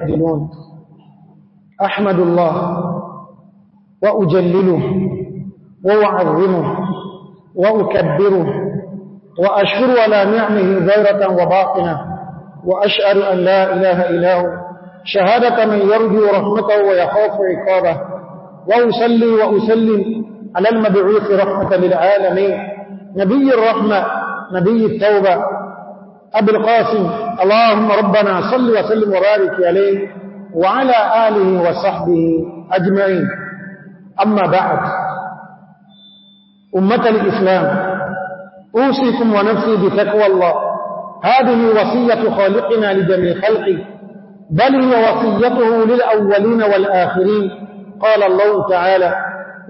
يقدمون أحمد الله وأجلله وأعظمه وأكبره وأشكر على نعمه ذيرة وباطنة وأشعر أن لا إله إلا هو شهادة من يرجو رحمته ويخاف عقابه وأسلي وأسلم على المبعوث رحمة للعالمين نبي الرحمة نبي التوبة أبي القاسم اللهم ربنا صل وسلم وبارك عليه وعلى آله وصحبه أجمعين أما بعد أمة الإسلام أوصيكم ونفسي بتقوى الله هذه وصية خالقنا لجميع خلقه بل هي وصيته للأولين والآخرين قال الله تعالى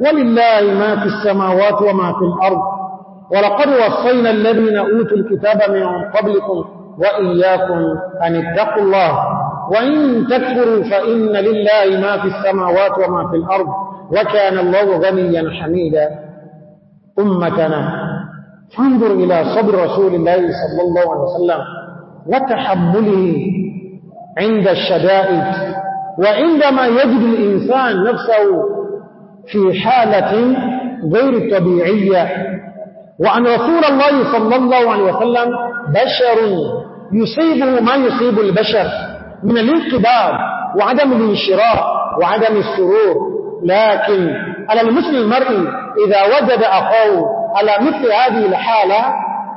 ولله ما في السماوات وما في الأرض ولقد وصينا الذين أوتوا الكتاب من قبلكم وإياكم أن اتقوا الله وإن تكفروا فإن لله ما في السماوات وما في الأرض وكان الله غنيا حميدا أمتنا فانظر إلى صبر رسول الله صلى الله عليه وسلم وتحمله عند الشدائد وعندما يجد الإنسان نفسه في حالة غير طبيعية وأن رسول الله صلى الله عليه وسلم بشر يصيبه ما يصيب البشر من الانقباب وعدم الانشراح وعدم السرور لكن على المسلم المرء إذا وجد أخوه على مثل هذه الحالة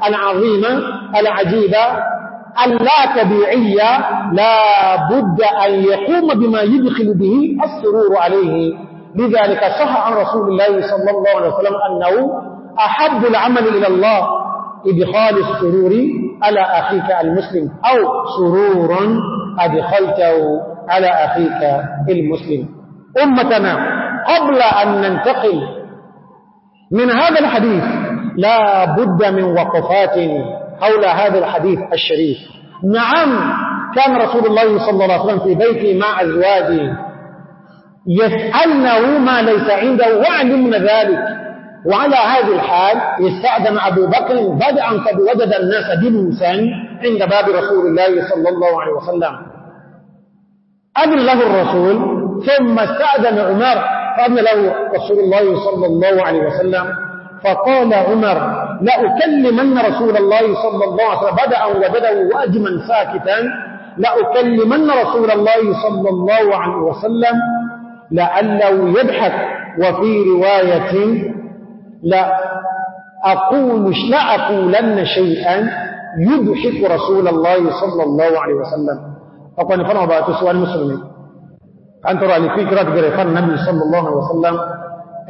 العظيمة العجيبة اللا تبيعية لا بد أن يقوم بما يدخل به السرور عليه لذلك صح عن رسول الله صلى الله عليه وسلم أنه أحب العمل إلى الله إدخال السرور على أخيك المسلم أو سرور أدخلته على أخيك المسلم أمتنا قبل أن ننتقل من هذا الحديث لا بد من وقفات حول هذا الحديث الشريف نعم كان رسول الله صلى الله عليه وسلم في بيته مع أزواجه يسألنه ما ليس عنده وعلمنا ذلك وعلى هذه الحال استأذن أبو بكر بدءا قد وجد الناس جلوسا عند باب رسول الله صلى الله عليه وسلم أذن له الرسول ثم استأذن عمر فأذن له رسول الله صلى الله عليه وسلم فقال عمر لأكلمن رسول الله صلى الله عليه وسلم بدأ وبدأ وأجما ساكتا لأكلمن رسول الله صلى الله عليه وسلم لعله يضحك وفي رواية لا أقول لا أقولن شيئا يضحك رسول الله صلى الله عليه وسلم أقول نفرنا بقى تسوى المسلمين أن ترى لفكرة جريفان النبي صلى الله عليه وسلم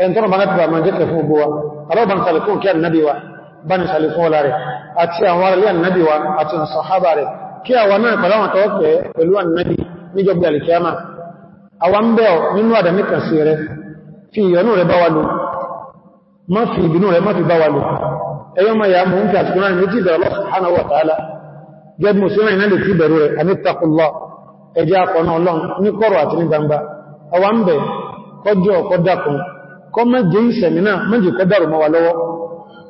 أن ترى بنتبع من جت لفهم بوا ألو بنسالكون كان النبي بنسالكون لاري أتسي أنوار لي النبي أتسي الصحابة لاري kí àwọn náà pẹ̀lú àwọn tọ́wọ́ pẹ̀lú ànìyàn níjọba alìkíyàmà àwọn bẹ́ọ̀ nínú àdámíkà sí rẹ̀ fi ìyọnú rẹ̀ má fi ìbínú rẹ̀ má fi bá wa lò ẹyọ́ ma ya mọ̀ ń kí àti kúrò ní tí ìbẹ̀rẹ̀ Allah subhanahu wa ta'ala gẹ́gẹ́ mọ̀ sí rẹ̀ iná lè tí ìbẹ̀rẹ̀ rẹ̀ àmì takùnlọ ẹjẹ́ akọ̀nà ọlọ́n ní kọ̀rọ̀ àti ní gbangba àwa ń bẹ̀ kọjọ́ kọdákun kọ mẹ́jẹ ìṣẹ̀mì náà mẹ́jẹ kọ dárò mọ́ wa lọ́wọ́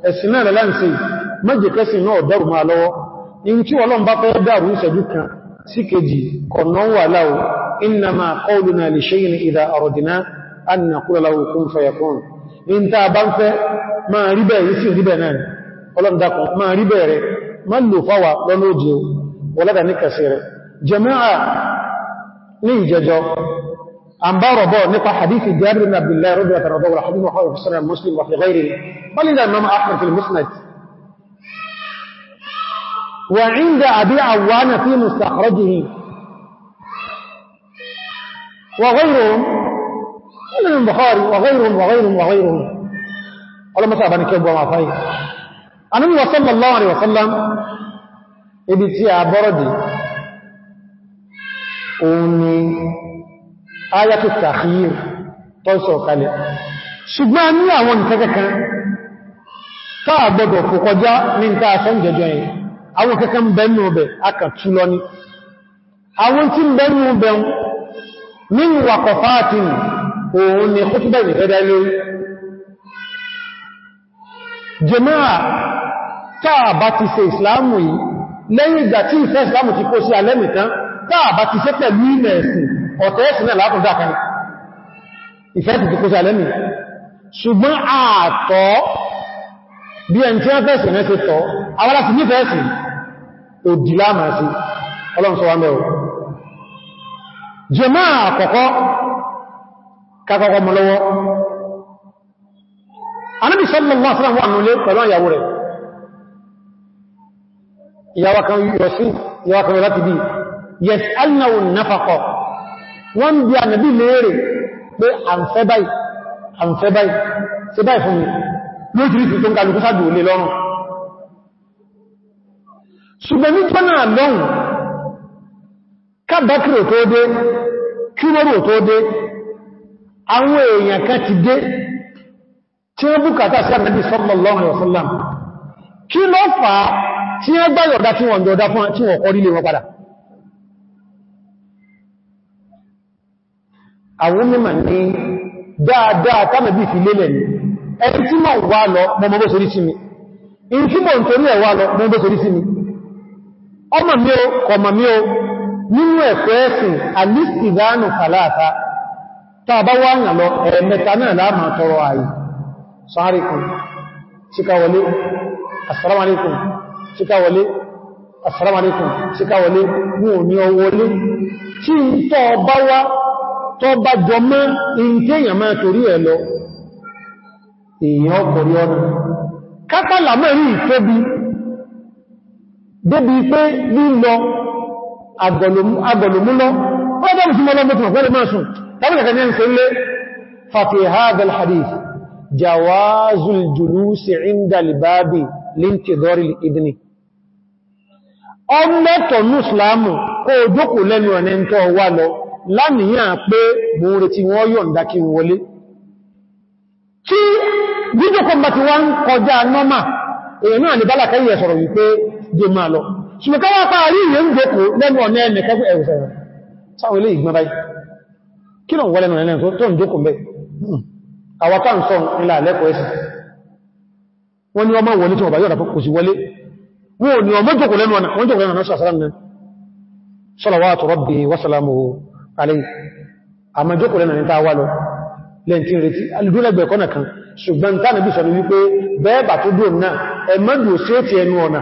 ẹ̀sìn náà lẹ́láǹsẹ̀ mẹ́jẹ kẹsìn náà fayakun in ta bá ń fẹ́ máa rí bẹ̀rẹ̀ sí rí bẹ̀rẹ̀ náà ọlọ́ndakùn máa rí bẹ̀rẹ̀ ma lò fáwà lọ́nà òjì wọlọ́dà ní kẹsì rẹ̀ jẹmẹ́à ní ìjẹjọ àmbárọ̀bọ̀ nípa hadithi jẹ́rìn abdullahi rọ́dọ̀ àtàrọ̀dọ̀ rahimah wa sallam muslim wa fi ghairi balina imam ahmad fil musnad wa inda abi awana fi mustakhrajihi wa ghayruhum من البخاري وغيرهم وغيرهم وغيرهم ولا مسأبة نكيب وما فايه النبي صلى الله عليه وسلم ibi tí a bọ́rọ̀dì òun ni ayatò tàhíyìr tó sọ kalẹ̀ ṣùgbọ́n ní àwọn kẹkẹkan táà gbọdọ̀ kò kọjá ní ta sọ́n jẹjọ yìí àwọn kẹkẹkan bẹ̀nù ọbẹ̀ aka tú lọ ní àwọn tí bẹ̀nù ọbẹ̀ min wàkọ̀fáàtìnì òun ni kútùbà ìfẹ́dá ilé jẹmáà táà bá ti ṣe ìsìláàmù yìí lẹ́yìn ìgbà tí ìfẹ́ ìsìláàmù ti kó sí alẹ́mìtán táà bá ti ṣe pẹ̀lú ilẹ̀ ẹ̀sìn ọ̀tọ̀ ẹ̀sìn náà látún dákan ìfẹ́ ti kó sí àkọ́kọ́ kakọ́kọ́ mọ́ lọ́wọ́ anábi sọ́lọ́lọ́ fún àwọn ànúlé pẹ̀lú àyàwó rẹ̀ ìyàwó kan yọ̀sí ìyàwó kan láti bí yes alnáwò náfàkọ́ wọ́n bí ànàbí léèrè pé àǹfẹ́ báyìí àǹfẹ́ báyìí ṣe báyìí fún mi àwọn èèyàn kan ti dé tí wọ́n bùkátà sí àmì sallallahu alaihi kí ló fà á tí wọ́n gbá yọ̀dá tí wọ́n fún tí wọ́n padà àwọn mímọ̀ ní dáadáa tánàbí fi lélẹ̀ ní ẹni tí mọ̀ wà lọ mọ́ bó tàà bá wá yàn lọ ẹ̀ẹ̀mẹta náà láàmà tọrọ ààyè sáàríkùn síkáwọlé assalamualaikum síkáwọlé assalamualaikum síkáwọlé mú ní ọwọlé tí ń tọ́ bá wá tọ́ bá jọ mọ́ ìntẹ́yàn máa torí ẹ̀ lọ èèyàn ọkọ̀rí ọdún kátàlà mẹ́rin ìtóbi débi pé لابد أن ينسل ففي هذا الحديث جواز الجلوس عند الباب لانتظار الإذن ọmọ́tọ̀ ní ìsìláàmù kó jókò lẹ́nu ọ̀nà ẹntọ́ wà lọ láníyàn pé mo ń retí wọ́n yọ̀ǹda kí n wọlé tí jíjọkọ̀ bá ti wá ń kọjá nọ́mà èyàn náà ní bálà kẹ́yẹ̀ sọ̀rọ̀ kí lọ wọ́lẹ́nu ẹ̀lẹ́n tó ń jókòó mẹ́ hmm. àwọ̀ká ń sọ nílà lẹ́kọ̀ọ́ ẹ̀sìn wọ́n ni ọmọ wọlé tí wọ́n bá yọ́ra kò sí wọlé wọ́n ni ọmọ jókòó lẹ́nu ọ̀nà wọ́n jókòó salawatu rabbi wa salamuhu alayhi àmọ́ jókòó lẹ́nu ní táwà lọ lẹ́ntí retí alìdúlẹ́gbẹ̀ẹ́ kọ́nà kan ṣùgbọ́n tánà bí sọ̀rọ̀ wípé bẹ́ẹ̀bà tó dùn náà ẹ̀mọ́dù sí ètì ẹnu ọ̀nà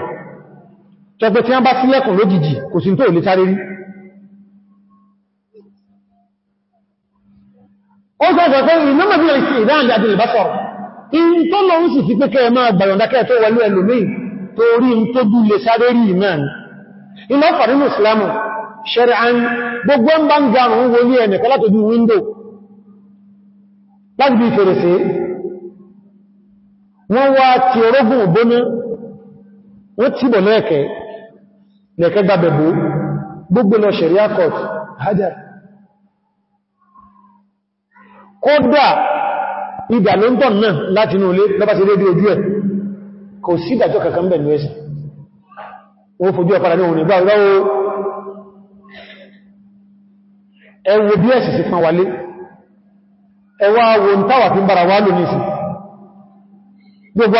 tọpẹ́ tí wọ́n bá sílẹ̀kùn lójijì kò sí tó lè rí ó sọ́sọ̀ pé ìmọ́mọ̀ bí i ìdáàdì àdìlìbásọ̀ in tó lọ ń sì fi pé kẹ́ máa gbàyàndákẹ́ tó wọlé ẹlòmí torí in tó bú lè sáré rí ìmẹ́rin iná fàrínú islamu ṣẹ́rẹ̀án gbogbo ń bá ń ga àrùn wọlé ẹnìkan látojú wíńdò láti bí fèrèsé wọ́n wá lọ ṣẹ̀ríà court hajar kódà ìdà ló ń tọ̀ náà láti inú ilé lọ́bá sí rédíò ojú ẹ̀ kò sí ìdàjọ́ kankan bẹ̀ lóẹ́sì o fojú ọ̀pàdà ní òun ìgbà ìgbàwó ẹwọ bí ẹ̀sì sí pán wálé ẹwà wo ń táwà fi ń bára wá lò nísì gbogbo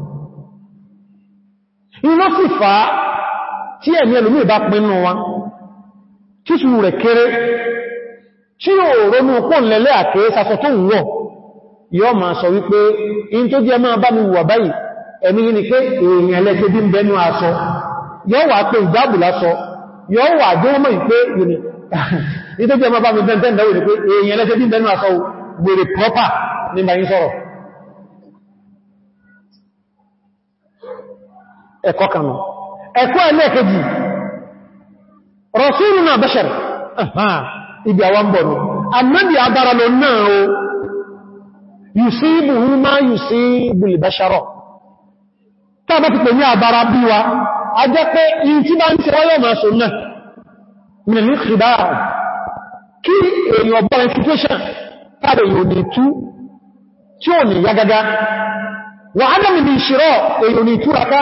iná sì fà á tí ẹ̀mí ẹlòmí ìbá pinnu wa tí ṣù rẹ̀ kéré tí ò rónú pọ̀nlẹ̀lẹ́ àkéré sasọ tó wọ́ yọ́ ma sọ wípé in tó jẹ́ máa bá mi wà báyìí ẹ̀mí yìí ni pé èèyàn ẹlẹ́gbẹ́ bí ń bẹnu aṣọ ni tó jẹ́ ẹ̀kọ́ kanú ẹ̀kọ́ ẹlẹ́ẹ̀kejì rasuluna bashar ibi àwọn bọ̀nù annabi agbára lọ náà o yusibu ma yusibu al-bashara tá bá ti pè ní agbára bí wa a jẹ́ pé in tí bá ń ṣe wáyọ̀ máa sùn náà min al-khida' kí èèyàn bọ́rin situation ní tú tí ó ní yagagá wà ìṣirọ́ èèyàn ní túraká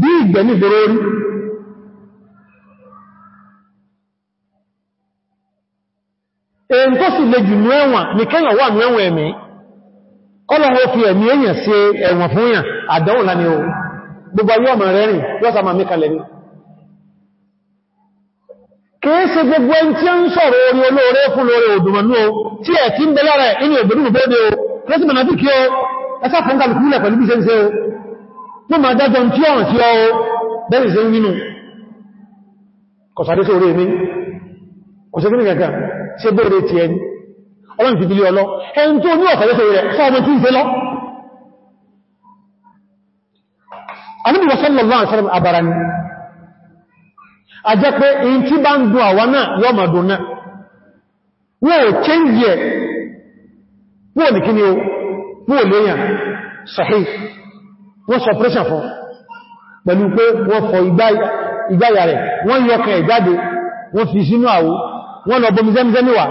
bí ìgbẹ̀mí ìgboro orí èyí tó sì lè jù ní ẹ̀wọ̀n ní kẹ́yàn wà ní ẹ̀wọ̀n ẹ̀mí ọlọ́wọ́ fi ẹ̀mí èyàn sí ẹ̀wọ̀n fún yàn àdánwò láni o gbogbo ayé ọmọ rẹ̀ rìn lọ́sà máa mí kalẹ̀ ní kèése gbogbo ẹn tí ń sọ̀rọ̀ orí olóore fún lóore òdùmọ̀nú tí ẹ̀ tí ń bẹ lára inú ògbèrú òbóde o lọ́sí mọ̀nà bí kí o ẹsá fún kàlùkúlẹ̀ pẹ̀lú bí ṣe ń ṣe o mọ́ ma dájọ́ tí ọ̀rọ̀ tí ọ bẹ́rẹ̀ sí nínú kọ̀sàdé sórí mi kò sí gínú gẹ̀gẹ̀ sí bẹ́rẹ̀ tí ẹni ọlọ́n fi bílé ọlọ́ ẹni tó ní ọ̀sàdé sórí rẹ̀ fọ́ọ̀mọ́ tí ń fẹ́ lọ Wọ́n ò léyàn, sahih wọ́n sọ pressure fún pẹ̀lú pé wọ́n fọ ìgbáyà rẹ̀ wọ́n yọkẹ̀ ìgbáde wọ́n fi sínú àwó wọ́n lọ bomi zẹ́mzẹ́ níwà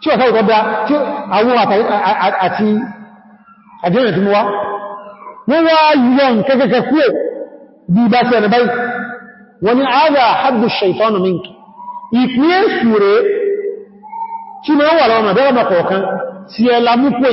tí ọ̀sá ìkọ́dá tí àwọn àti àjẹ́rẹ̀ tí mú wá wọ́n wá yíwọ́ kẹ́kẹ́kẹ́ kúrò bí bá sí ẹ̀nà báyìí wọ́n ni àádà àhàdù ṣaitọ́nù mink ìpínlẹ̀ sùúrẹ́ tí wọ́n wà lọ́nà bẹ́rẹ̀ mọ̀kọ̀ọ̀kan ti ẹ̀lá mú pé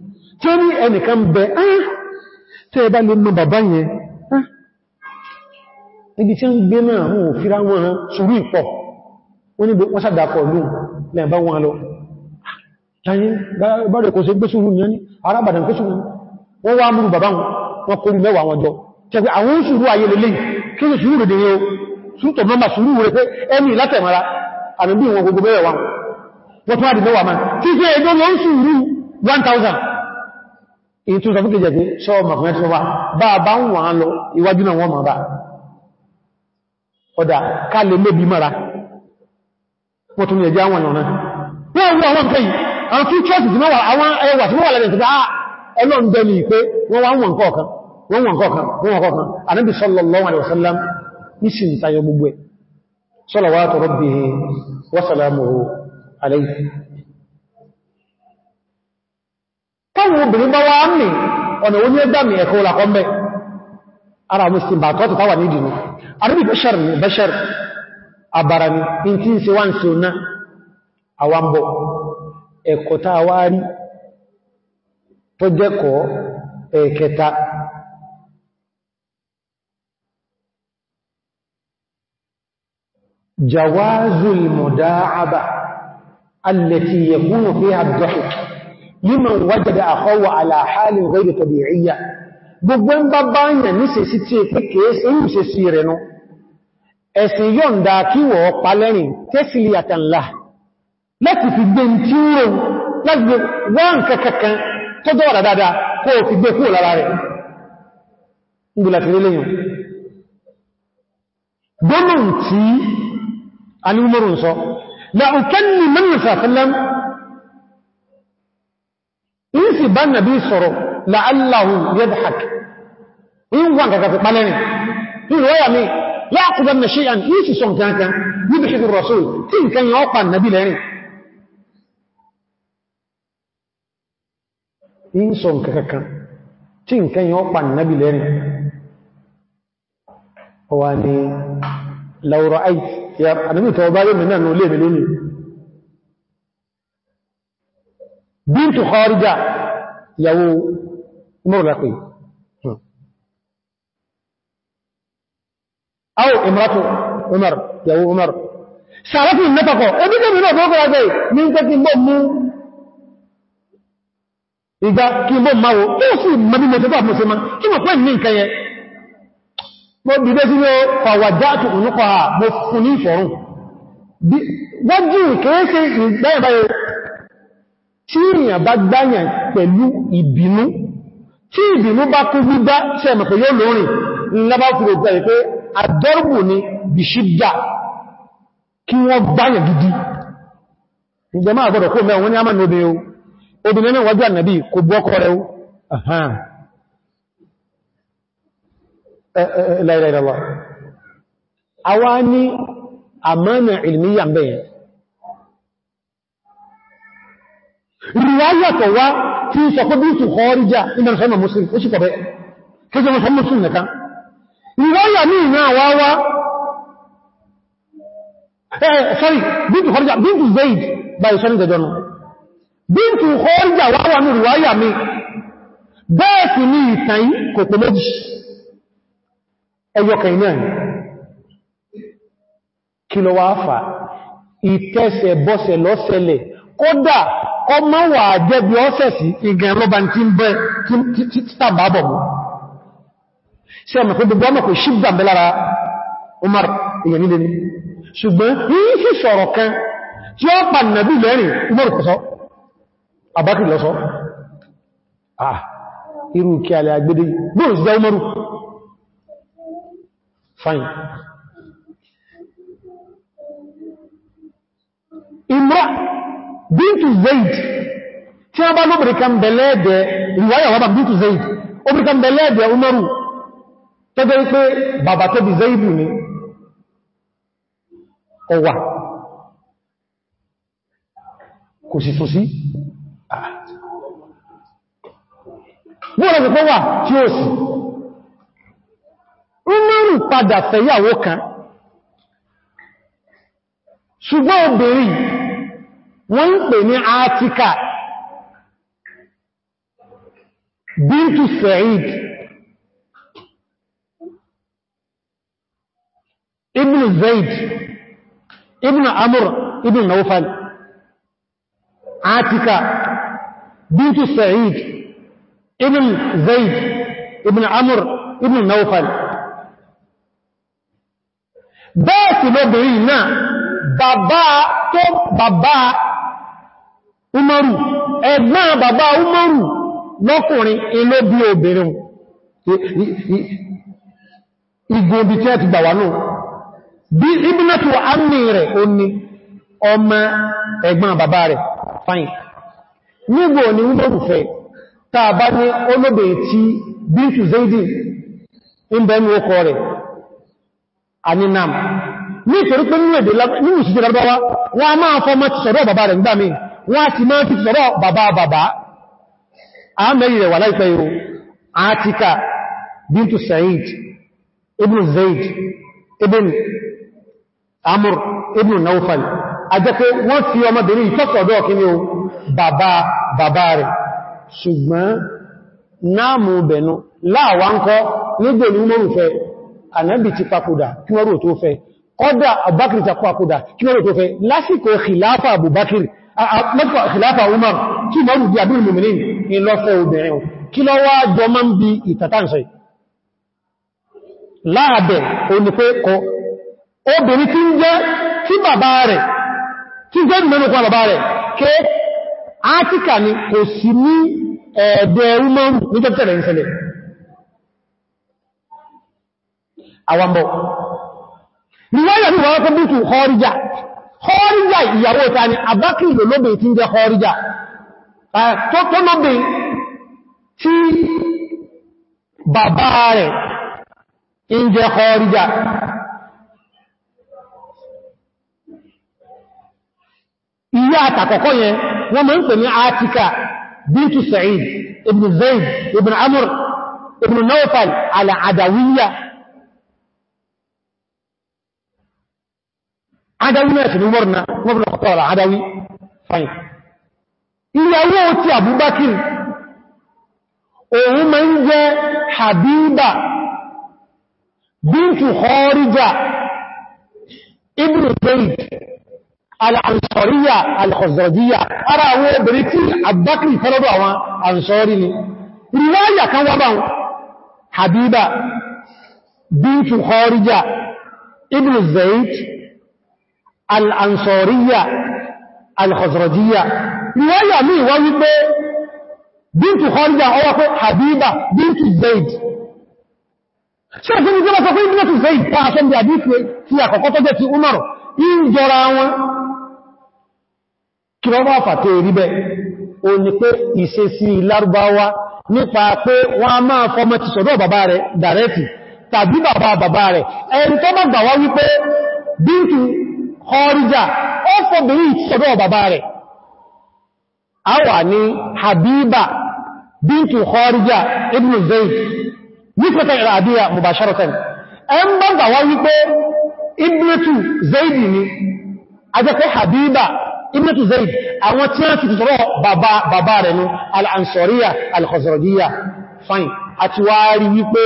tó ní ẹnìkan bẹ ah tó ẹbá lè mọ bàbá yẹn ah ibi tí ń gbé náà wọn ò fíra wọn ṣúrú ìpọ̀ wọ́n ní wọ́n sàdàkọ̀ lóun lẹ́ẹ̀bá wọn lọ tàyín bọ́rẹ̀ kò sí gbésùrù yẹn ní arábàdàn gbésùrù wọ́n wá múrù bàbá wọn kò rí mẹ́wàá wọn jọ tẹ́gbẹ́ àwọn ṣúrú ayé lè lẹ́yìn kí ní ṣúrú rèdè yóò ṣúrútọ̀ mọ́mà ṣúrú rẹ̀ pé ẹni látẹ̀mọ́ra àmì bí wọn gbogbo mẹ́wàá wọn tó wá di mẹ́wàá máa tí ṣe ẹgbẹ́ wọn ṣúrú 1000 ètò ìsọ fún kejì pé ṣọ́ọ̀ mọ̀kànlẹ̀ tí wọ́n wá bá bá ń wọ́n lọ ìwájú náà wọ́n mọ̀ bá le ká lè lébi mara wọ́n tún yẹjẹ́ àwọn ìrànà wọ́n wọ́n wọ́n pẹ̀yì àwọn tí chọ́ọ̀sì tí wọ́n àwọn ẹwà tí wọ́n wà lẹ́dẹ̀ ah, ọlọ́ndẹ̀lì pé wọ́n wá wọ́n kọ̀ọ̀kan wọ́n wọ́n nwa wa táwọn obìnrin bá wá mì ọ̀nà ó ní ẹgbàmì ẹ̀kọ́ olàkọ́mẹ́ ara muslim bá tọ́tù táwà ní ìdínú arúbí bẹ́ṣẹ̀r ní bẹ́ṣẹ̀r àbára ní in tí ń se wá ń se ọ̀nà àwambọ̀ ẹ̀kọ́ tá wá rí liman wajada akhawa ala halin ghayri tabi'iyya gbogbo ń bá bá yàn ní ṣe sí tí è pé kèése ń ṣe sí rẹ̀ nú ẹ̀sìn yọ̀nda kíwọ̀ palẹ́rin tẹ́sìlì àtànlá láti fi gbé tí ó rò láti gbé wọ́n kankan tó sì bá nàbí sọ̀rọ̀ láàláhù yẹ́dàk in wọn kàkà fi palẹ́rin nínú wáyà mi láàkùbá na ṣe àn yìí sì sọ̀n kankan níbi ṣe rọ̀sọ̀ tí nkan yọ pa nàbí lẹ́rin in sọ̀n kankan tí nkan yọ pa nàbí lẹ́rin ọwà ni laura aiki ya annabi tawbalo mi náà nù lè mi lónìí bíntù kọrìjá ìyàwó mọ́rọ̀lápé áwọ̀ ìmọ̀tò Umar ìyàwó Umar sàrọ́fì mẹ́tàkọ̀ oníkẹ́mì náà tó kọ́wàá gẹ́ ní pé kí bó mú ìgbà kí bó máwó tó sì mọ́bí mọ́ tọ́bà mọ́ sí ma kí mọ̀ pẹ́ ní nǹkan yẹ mọ́ tí èyàn bá gbáyàn pẹ̀lú ìbínú tí ìbínú bá kú gbígbá tí ẹ̀mọ̀ pẹ̀lú olórin lábá fúrò gbá ìpé àdọ́rùbù ni bìṣídà kí wọ́n gbáyàn gidi ìjẹmá àgbọ̀dọ̀ kó mẹ́wọ́n ní àmà nóbi o obìnrin náà wájú ríwáyàtọ̀ wá tí sọ pé bíntù kọríjá ìdàn sọ́nà muslim ó sì kọ̀ bẹ́ kéjọ mọ̀ muslim nìkan ríwáyà ní ìná wá wá sorry bíntù kọríjá bíntù zaid by sọ́nà ìjọjọ́nà bíntù kọríjá wá wá ní ríwáyà mi bẹ́ẹ̀ sì ní ìtàn kò pé méjì ẹyọ kẹ̀yìn náà kí lọ wá kódà ọmọ wà jẹ́gbù ọ́sẹ̀sì ìgẹ̀rẹ̀ lọ́bà tí ń bẹ́ tí tàbà bọ̀ mú sí ọmọ pé gbogbo ọmọ kò ṣígbà bẹ́ lára Umar èyàn nílé ní ṣùgbọ́n yìí sì sọ̀rọ̀ kan tí ó pa nàbí lẹ́rin Umar kò sọ Abakar ló sọ ah irú kí alẹ́ agbédé bóòrùn sí Umaru fine Imra bíntù zaid tí a bá lóbìnkan bẹ̀lẹ́ẹ̀dẹ̀ ìwáyàwó bá bíntù zaid obìnkan bẹ̀lẹ́ẹ̀dẹ̀ umaru tó jẹ́ pé bàbá tó bí zaidu ni ọwà kò sì tó sí wọ́n rẹ̀ pẹ́ tí ó sì umaru padà fẹ̀yàwó kan ṣùgbọ́n obìnrin wọ́n ń pè ní Átíkà bíntù Sa'id ibn Zaid ibn Amr ibn Nawfal Átíkà bíntù Sa'id ibn Zaid ibn Amr ibn Nawfal bẹ́ẹ̀ sí lóbìnrin náà bàbá tó bàbá umaru ẹgbẹ́ bàbá umaru lọ́kùnrin ilé bí obìnrin ìgbòbí tí ẹ ti gbàwà náà bí ibùnàtò àmì rẹ̀ ó ní ọmọ ẹgbẹ́ bàbá rẹ̀ fine nígbò ní umaru tàà bá ní olóbè tí bíntù zaidi ń bẹ̀ẹ́nu rẹ̀ pé nínú nínú wọ́n a máa fọ́ mọ́ ti sọ̀rọ̀ bàbá rẹ̀ wọ́n ti máa fi sọ́rọ̀ bàbá bàbá a mẹ́rin rẹ̀ wà láìpẹ́ ìrò Atika bintu Sa'id ibn Zaid ibn Amr ibn Naufal a jẹ́ pé wọ́n fi ọmọbìnrin ìtọ́sọ̀dọ́ kíní o bàbá bàbá rẹ̀ ṣùgbọ́n náàmù bẹ̀nu láàwá ń mọ́tò khilafa Umar tí mọ́rù bí àbúrù mìmìnì ìlọ́fẹ́ obìnrin kí lọ wá jọ mọ́ ń bí ìtàtàǹsẹ̀ láàbẹ̀ onípẹ́kọ́ obìnrin tí ń jẹ́ tí bàbá rẹ̀ tí jẹ́ mẹ́nukọ́ bàbá rẹ̀ ké átíkà ni kò sí ní ẹ̀ẹ̀dẹ̀ Umaru ní kọ́ríjà ìyàwó ta ni àbákìlò lóbe tí ń jẹ kọ́ríjà tó lóbe tí bàbá rẹ̀ ń jẹ kọ́ríjà ìyá àtàkọ́kọ́ yẹn wọ́n mọ́ ń pè ní Atika bintu Sa'id ibn Zayd ibn Amr ibn Nawfal al adáwí náà ṣìlú mọ́rùn náà wọ́n fi lọ́pọ̀ ọ̀rọ̀ adáwí fine ìyàwó ti àbúbákìrì òun máa ń jẹ́ habiba bíntù kharija ibn zayd al-ansoriya al-khazrajiya ara àwọn obìnrin tí àbúbákìrì fẹ́lọ́dọ̀ àwọn ansori ni riwaya kan wá habiba bíntù kharija ibn zayd al'ansọ̀ríyà al'khazrajiyya riwaya mi wá wípé bíntù kharija ọwọ́ pé habiba bíntù zaid ṣe ọ̀fẹ́ ní gbọ́nà pẹ̀lú bíntù zaid pa aṣọ́ bí àdífẹ́ ti àkọ́kọ́ tó jẹ́ ti umar in jọra wọn kí wọ́n bá fàtẹ́ rí bẹ́ o ní pé ìṣesí lárúbáwá nípa pé wọ́n máa fọmọ ti sọ̀dọ̀ bàbá rẹ̀ dàrẹ́tì tàbí bàbá bàbá rẹ̀ ẹni tó bàbá wá wípé bíntù kọrìjà ó fòbìnrin sọ́dọ̀ bàbá rẹ̀ a wà ní habiba bíntù kọrìjà ibn zayd nífẹ́ta ìràdíyà mubasharatan ẹn bá gbà wá wípé ibnetu zayd ni a jẹ́ pé habiba ibnetu zayd àwọn tí wọ́n ti sọ́dọ̀ bàbá rẹ̀ ní al'ansoriya al-khazrajiya fine àti wá rí wípé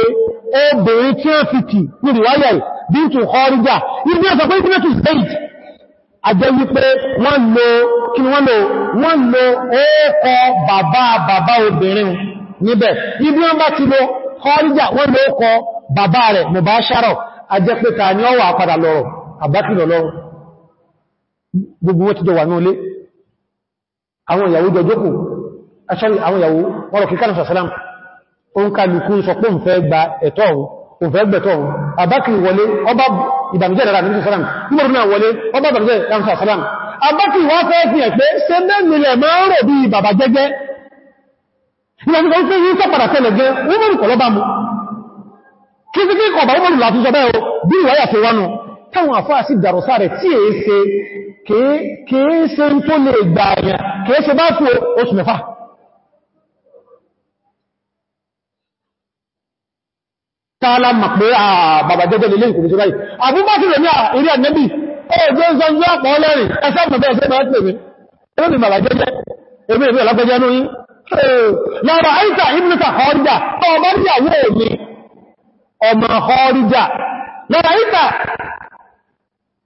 ajẹ́ wípé wọ́n lo kí wọ́n lo wọ́n lo ókọ bàbá bàbá obìnrin níbẹ̀ ibi wọ́n bá ti lo kọ́ríjà wọ́n lo ókọ bàbá rẹ̀ mubasharah ajẹ́ pé ta ni ó wà padà lọ́rọ̀ àbákìlọ̀ lọ́rọ̀ gbogbo wọ́n ti jọ wà ní òfẹ́gbẹ̀tọ́ abákìrì wọlé ọba ìbànújẹ́ ìrara ní sàrán nígbàtí náà wọlé ọba ìbànújẹ́ ìrànṣà sàrán abákìrì wọ́n fẹ́ fi ẹ̀pẹ́ ṣe mẹ́rinlẹ̀ máa ń rò bí bàbá jẹ́gẹ́ ìrànṣà tó ń tààlà mà pé àbàbà ah, jẹ́jẹ́ lè lẹ́yìn kò jẹ́ báyìí àbúbákì rẹ̀ ní ah, ìrí ànẹ́bì ẹ̀ẹ́jẹ́ ń sọ ń yọ́ pọ̀ lẹ́rìn ẹsẹ́ mẹ́bẹ́ ẹsẹ́ mẹ́rẹ́ tẹ̀mí ẹ̀rọ ni bàbà jẹ́jẹ́ ẹgbẹ́ ìfẹ́ ọlọ́gbẹ́jẹ́ ní lọ́rọ̀ àìsà ìbìnìta kọ̀ọ̀dà ọmọ ìyàwó mi ọmọ ọ̀rìjà lọ́rọ̀ àìsà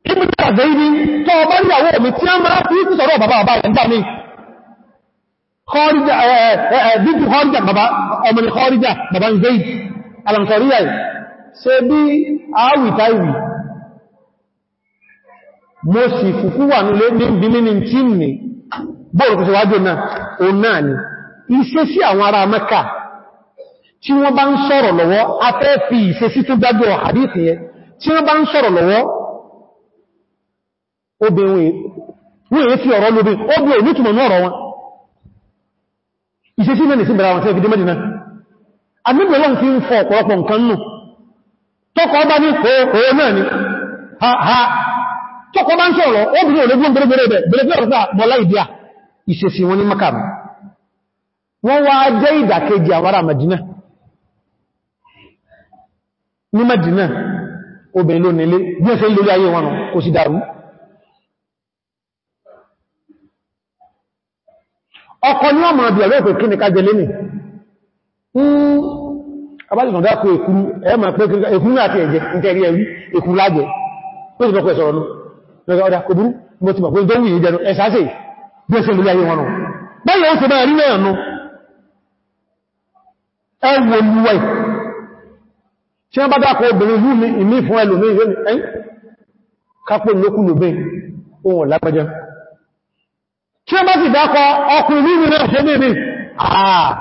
ìbìnìta zẹ́ìní tó ọmọ ìyàwó mi tí a máa fi ń sọ̀rọ̀ bàbá alàǹsọ̀ríyà eh? ṣe bí áwìtáìwì mo si kùkú wà nílé ní ìbílíní tí ní bóòrù kò si náà o náà ni iṣẹ́ sí àwọn ará Mẹ́kà tí wọ́n bá ń sọ̀rọ̀ lọ́wọ́ afẹ́ fi iṣẹ́ sí tún dájú àdífì yẹ tí wọ́n bá ń sọ̀rọ̀ lọ́wọ́ obìnrin wọ́n fi ọ̀rọ̀ lóbi agbẹ́gbẹ̀lọ́n fi ń fọ ọ̀pọ̀lọpọ̀ nǹkan nù tọ́kọ̀ ọba ní kòó náà ni ha ha tọ́kọ̀ bá ń sọ̀rọ̀ obìnrin ológun gbẹ̀rẹ̀gbẹ̀rẹ̀ gbẹ̀rẹ̀gbẹ̀ ọ̀rọ̀ta bọ́lá ìdíà ìṣẹ́sì wọn ní makamu wọ́n wá jẹ́ ìdàkejì bí ọ̀rẹ́ ìpẹ̀kí abájú tàn dákò èkúrú ẹmà pé èkúrú àti ẹ̀jẹ̀ ìtẹ̀rí ẹ̀rí èkúrú lágbẹ̀ ó ti mọ̀kọ̀ ẹ̀sọ̀rọ̀ náà ọ̀dá kò burú mo ti mọ̀kọ̀ ìdówù ìjẹnu ẹ̀sáṣẹ́ gbẹ́sẹ̀ lórí ayé wọn báyìí ó ti bá rí náà nù ẹwọ lúwẹ̀ tí wọ́n bá dákò obìnrin yú mi ìmí fún ẹlòmíì yóò ní ẹ́yìn kápò lókùlùbìn ohun ọ̀lápẹjẹ tí wọ́n sì dákọ ọkùnrin yú mi náà àà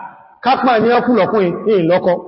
kápà ní ọkùnlọ́kùnrin ìlọ́kọ̀ọ́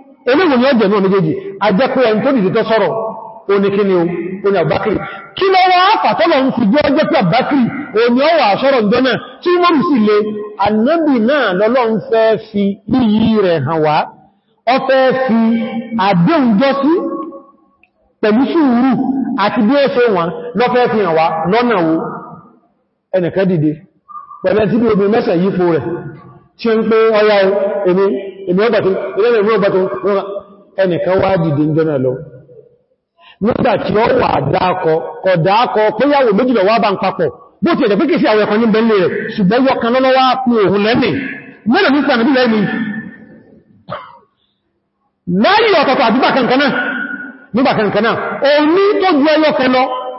eléwò ni ọjọ̀ náà méjèèjì ajẹ́kọ́ ẹni tó dìde tó sọ́rọ̀ oníkíni oní àbákìrì kí lọ wá fàtọ́lọ̀ ń fi jẹ́ ọjọ́ pé àbákìrì oní ọwà sọ́rọ̀ ìjọ́nà tí wọ́n sì lè annabi náà lọ́lọ́ ń fẹ́ fi yíyí rẹ̀ hàn wá ọ fẹ́ fi pẹ̀lú fi hàn wá lọ́nà wo ẹnìkan dìde pẹ̀lẹ́ tí bí obìnrin mẹ́sàn yípo rẹ̀ tí ó èmi ọgbàtún ilẹ̀ ìwọ̀n ọgbàtún ẹnìkan wá dìde jọna lọ nígbà tí ó wà dákọ kọ̀dákọ péyàwó méjìlọ wá bá ń papọ̀ bó ti ẹ̀dẹ̀ pé kìí sí àwọn ẹ̀kan ní bẹ̀lẹ̀ rẹ̀ ṣùgbọ́n yọ kan lọ́lọ́ wá pín òhun kan lọ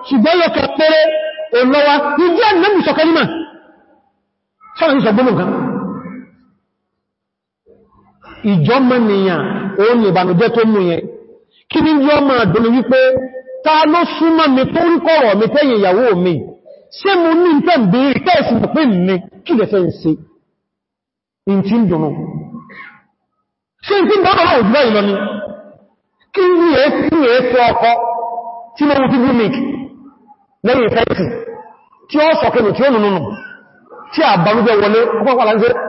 ṣùgbọ́n yọ kan pẹ́rẹ́ òlọ́wà ìjẹ́ nẹ́bùsọ̀kẹ́ nímà sọ́nà ní sọ ìjọmọ̀nìyàn ó ní ìbànújẹ́ tó mú yẹn kí ní yọ máa dùn wípé ta ló súnmọ́ mi tó ń kọ̀rọ̀ mi tẹ́yìn ìyàwó mi ṣé mo ní tẹ́ ń bèèrè tẹ́ẹ̀sì pín ní kí lẹ́fẹ́ ń ṣe in ti ń ni kí ní èéfẹ́ ọkọ tí mo ti gúnmìk ó sọ̀kẹ́lù tí ó wọlé ọpọ̀pọ̀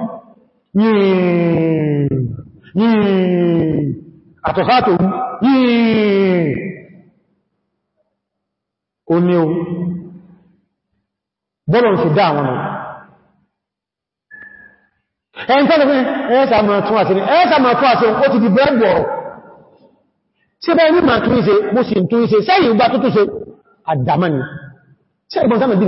àtọ̀sátò yìí o ní o bọ́lọ̀ ti dá àwọn ọmọ ẹni tọ́lọ̀ fún ẹ́sà mọ̀ tún àti ní ẹ́sà mọ̀ tún àti ó ti di bẹ́ẹ̀bù ọ̀rọ̀ ṣe bẹ́ẹ̀ ní ma tún ìṣe mo sì tún ìṣe sẹ́yìn ìgbà tó tún ṣe àdámá ni ṣẹ́gbọ́n sáàmà bí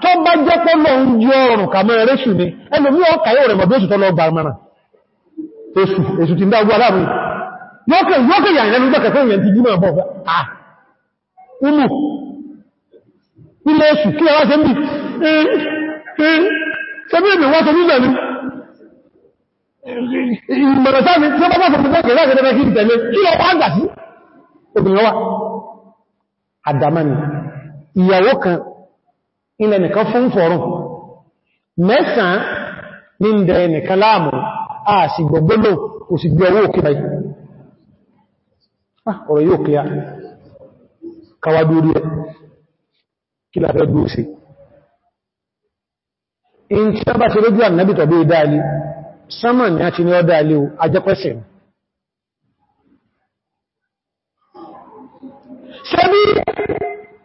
tó bá jẹ́ pọ́ lọ ń yọ ọrùn kàmọ́ ẹ̀rẹ́ ṣù ni ẹlòmí ọkàyọ̀ rẹ̀ mọ̀bí oṣù tọ́lọ ọgbà mara èṣù ti ń dágbó aláàrùn yókè yà ìrẹ́lú gbẹ̀kẹ̀kẹ́ ìyẹn ti jímọ̀ bọ̀ inú ilé èṣù kí ẹwà ṣe ń bì ṣẹ́bí èmì wọ́n tó nílẹ̀ ni ìyàwó kan ilẹ̀ nìkan fún fọ̀rún mẹ́sàn ní ìdẹ̀ nìkan láàmù a sì gbọ̀gbọ́lò kò sì gbé owó òkè báyìí ah, ọ̀rọ̀ yóò kíyà kawàdú orí ẹ̀ kí láàrẹ́ gbò sí in tí a bá ti rójú ànábì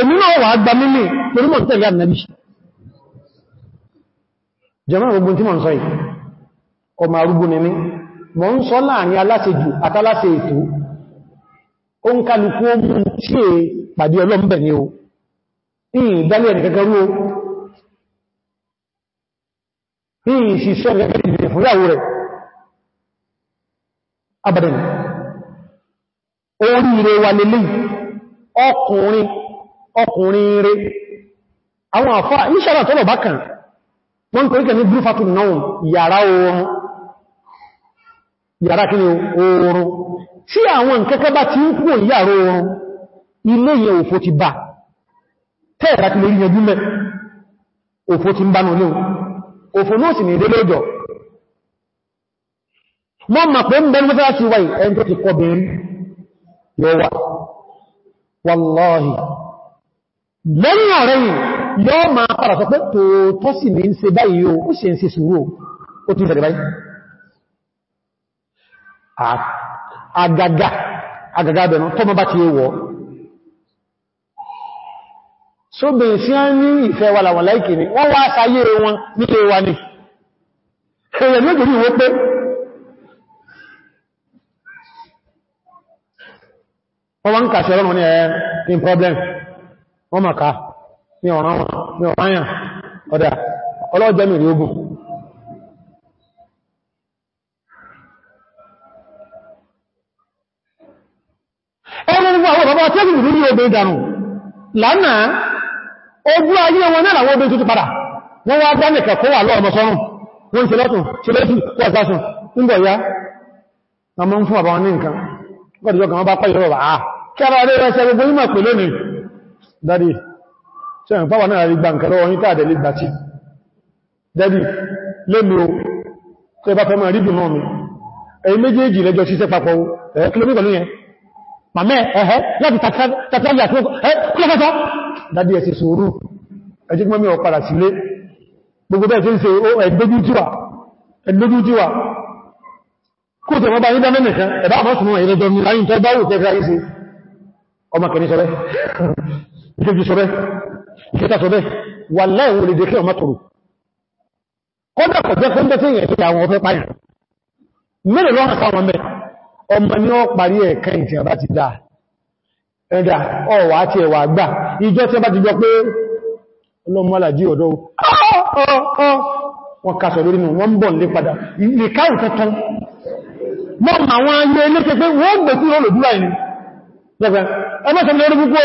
èmi náà wà gba mímí lórí mọ̀ tẹ́lẹ̀ ànàbí jẹmọ́ gbogbo tí mọ̀ ń sọ yìí ọmọ arúgbó ni mí mọ̀ ń sọ láàrin aláṣejù àtàláṣe ètò ó ń kálukú ogun tí è pàdé ọlọ́mbẹ̀ ni o ìyìn ìdálẹ̀ ẹni kẹkẹrú o ìyìn ìṣiṣẹ́ ẹgbẹ̀rẹ̀ fúnyàwó rẹ̀ abadan orí ire wa lélẹ́yìn ọkùnrin ọkùnrin rẹ̀ àwọn àfá ìṣẹ́lá tó lọ bákan wọ́n kò ríkẹ̀ ní gúrúfàtún náà yàrá oorun yàrá kí ni oorun tí àwọn kẹ́kẹ́ bá ti ń kúrò yàrá oorun ilé yẹn òfò ti bá tẹ́ẹ̀rà ti lè rí yẹjú mẹ́ ti ń bá nù òfò náà sì ní ilé wọ́n ń lẹ́yìn ọ̀rẹ́yìn yóò máa padà sọ pé tòótọ́ sì ní ń ṣe báyìí o ó sì ń ṣe sùúrù ó tún ṣẹlẹ̀ báyìí àgàgà àgàgà bẹ̀rún tọ́mọ bá ti wọ́ so bèèrè sí án ní ìfẹ́ wà làwọn láìkì ni wọ́n wá sáyé wọn nílé wa ní èèyàn ní òjò ní ìwó pé wọ́n problem wọ́n màkà ní ọ̀ràn ní ọ̀ráyà ọ̀dà ọlọ́jẹ́mìrì ogun ẹni gbogbo àwọn bàbá tí ó gbogbo ní obìnrin dànù lánàá ojú ayé wọn náà àwọn obìnrin tuntun padà wọ́n wá dá nìkà kó wà wọ́n lọ́tún ya na a dádì tí ẹ̀rùn pàwà náà rí gbàǹkà lọ́wọ́ yí tààdẹ̀ lè gbàtí dádì lẹ́mí o tó ẹbá fẹ́ máa rí dùn náà mi ẹ̀yìn méjèèjì lẹ́jọ́ ṣiṣẹ́ papọ̀ kó tẹ̀wọ́ bá ní dámẹ́ nìkan ẹ̀bá àmọ́sùn ẹ̀rẹ́jọ́ ní láyín tó bá wù tẹ́fẹ́ àríṣẹ́ ọmọ kẹni sọ rẹ̀ ìṣẹ́jú sọ bẹ́ ìṣẹ́ta sọ bẹ́ wà láìwò lè dékẹ́ ọmọ tòrò kọ́dà kọ̀ jẹ́ kọ́ndẹ́ tí èyàn tó yà wọn fẹ́ páyàn mẹ́rẹ̀ lọ́rọ̀ sáwọn mẹ́ ọmọ ní ọ parí ẹ̀kẹ́ ìtì àbá ti dáa ẹ̀dà ọwà àti ẹ̀wà àgbà ìjọ tí a bá ti jọ pé ọlọ́mọ́lájí ọ̀dọ́ wọn kásọ̀ lórí nù wọ́n bọ̀ lé padà ìkáù tuntun mọ́ àwọn ayé ilé pé wọ́n gbẹ̀kú lọ́lọ́dúnlá ẹni ẹgbẹ́ ẹgbẹ́ sọ lórí púpọ̀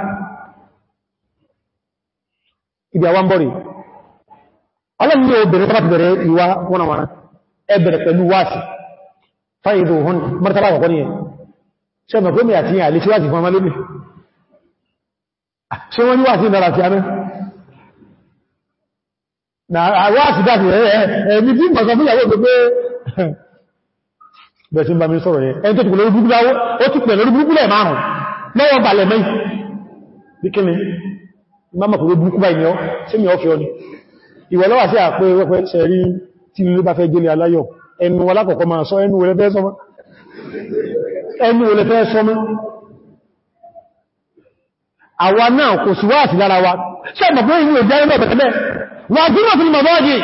ibi àwọn bọ̀rì ọlọ́run ní obìnrin tàbí bẹ̀rẹ̀ ìwá wọn àwọn ẹbẹ̀rẹ̀ pẹ̀lú wáàsì fáìdò hún mọ́tàbà àkọ́kọ́ ní ẹ̀ ṣe mọ̀ pé mi àti ìyà àlèṣí wáàsì fún ọmọlébì ṣe wọ́n ní ìdára máma kò rí burúkú báyìí ni ọ́ sí mi ọ́fẹ́ ọ́ni ìwọ̀ lọ́wà sí àpé rẹpẹ ṣẹ̀rí tí lè bá fẹ́ gẹ́lẹ̀ aláyọ̀ ẹnu wọlá kọ̀kọ́ máa sọ ẹnu wọlé fẹ́ sọmọ́ ẹnu wọlé fẹ́ sọmọ́ àwa náà kò sí wáàsí lára wa sẹ́gbà fún ìlú ìjẹ́ ẹgbẹ̀ pẹ̀tẹ̀bẹ̀ wà tí wọ́n fi ní bàbáàjì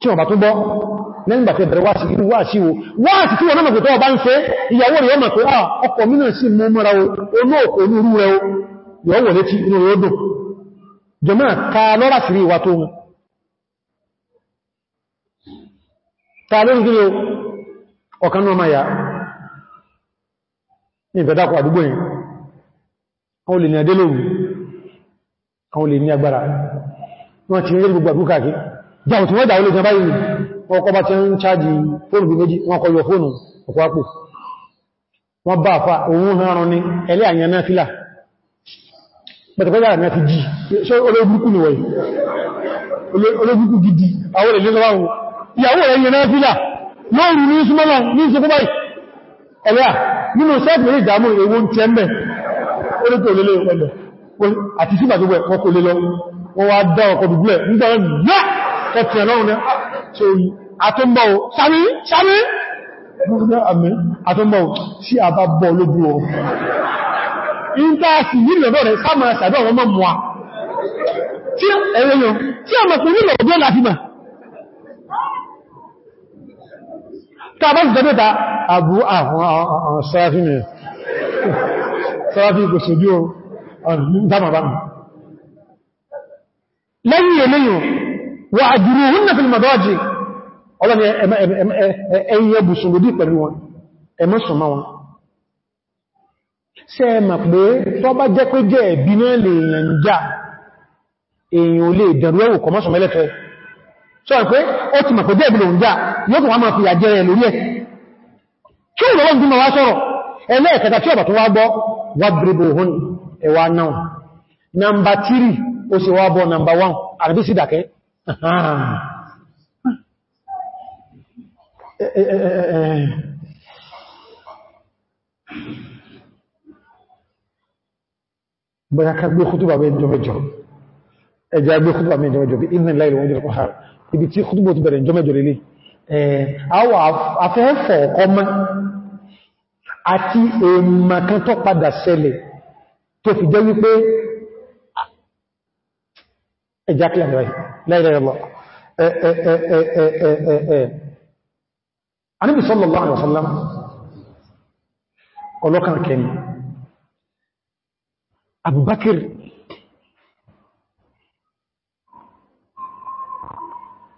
tí wọ́n bá náà mọ̀ ọba ń fẹ́ ìyàwó rẹ̀ ọmọ pé ah, ọkọ̀ mínà sí mú o onú òkò onú rú rẹ̀ o yóò wọlé tí inú yóò dùn jọmọ́ ká lọ́rà sí rí ìwà tó wọn ta lórí gírí ọ̀kan náà máa yá ní ìfẹ́dàkọ̀ àdúgbò yìí àwọn olè ní adélòrù àwọn olè ní agbára wọ́n ti rí gbogbo àdúgbà wọ́n bá mẹ́tẹ̀kọ́yà ní àti jí ṣe olóògbùkú ni wọ̀nyí olóògbùkú gidi àwọn ilé lọ́wọ́ ìyàwó rẹ̀ yẹn náà fílà lóòrùn ní súnmọ́lá ní ìsìnkúbá ẹ̀lẹ́à nínú sẹ́ẹ̀pẹ̀lẹ̀ ìdàmú èwo ń tẹ́ mẹ́ olóògbùkú olóògbùkú ìntàṣì nílò ọ̀dọ́ rẹ̀ sáàmà ṣàdọ́ ọmọ mọ́ tí ẹ̀rẹ́yàn tí a mọ̀kún nílò ọ̀dọ́ láfíìmà tàbá ti jẹ́bẹ́ta àbú àwọn sọ́ráfíìmì sọ́ráfíì kò sójú ọ̀dọ́màbámi lẹ́yìn eléyìn wà àjúrú hún na fílmàdọ́jì ọlọ́ni ẹ̀yẹ bùsùn lòdí pẹ̀lú wọn ẹ̀mọ́sùn máa wọn ṣe mọ̀ pé tọ́ bá jẹ́ pé jẹ́ ẹ̀bí náà lè èèyàn já èèyàn ò lè dẹ̀rú ẹ̀wò kọmọ́sùn mẹ́lẹ́fẹ́ sọ pé ó ti mọ̀ pé jẹ́ ẹ̀bí lòun já yóò tún wá máa fi àjẹ́ rẹ̀ lórí ẹ̀ kí ò lọ́wọ́n gúnmọ̀ wá sọ̀rọ̀ ẹlẹ́ẹ̀kẹta tí ọ̀bà tó wá bóyá ká gbé kútùbà bẹ́ jọmẹjọ ẹjá gbé kútùbà bẹ́ jọmẹjọ bí iná láìlú wọ́n jẹ́ kọ̀há ibi tí kútùbà ti bẹ̀rẹ̀ jọmẹjọ lélé àwọ̀ afẹ́fẹ́ ọkọ́mọ́ àti èèmàkan tó padà ṣẹlẹ̀ tó fi jẹ́ wípé ẹjá kí ọlọ́kàn kẹ́ni Abubakar